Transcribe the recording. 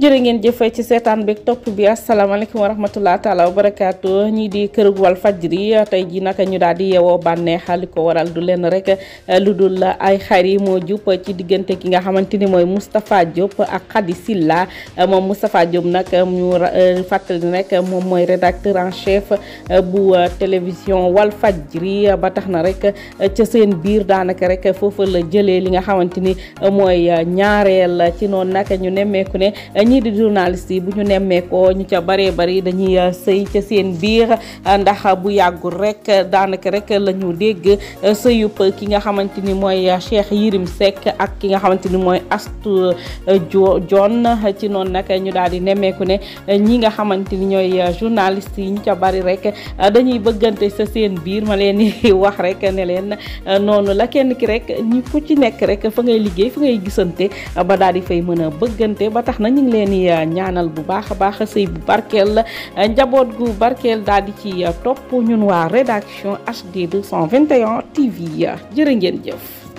jere ngeen jëfee ci seetaan bi top bi alaykum wa rahmatullahi taala wa barakatuh ñi di kërug fajri tay ji naka ñu daal di yewoo bànneexa xaliko waral du len rek lu dul ay xar yi moo jub ci diggante ki nga xamanteni ni mooy Moustapha Diop ak Khady Sylla moom Moustapha Diop nak ñu fàttali nak moom mooy rédacteur en chef bu télévision ba tax na rek ca seen biir daanaka rek foofa la jëlee li nga xamanteni mooy ci noonu nak ñu nemmeeku ne. ñii di journaliste yi bu ñu nemmeekoo ñu ca baree bari dañuy euh, sëy ca seen biir ndax bu yàggul rek daanaka rek la ñu dégg euh, sëyub ki nga xamante ni mooy Cheikh Yirim Seck ak ki nga xamante ni mooy Astou Dione euh, ci noonu nag ñu daal di nemmeeku ne ñi nga xamante ni ñooy journaliste yi ñu ca bari rek dañuy bëggante sa seen biir ma leen di wax rek ne leen noonu la kenn ki rek ñi ku ci nekk rek fa ngay liggéey fa ngay gisante ba daal fay mën bëggante ba tax na ñu ngi leen di uh, ñaanal bu baax a baax sëy bu barkeel uh, njaboot gu barkeel daal di ci uh, topp ñun waa rédaction HD 221 TV jërë ngeen jëf.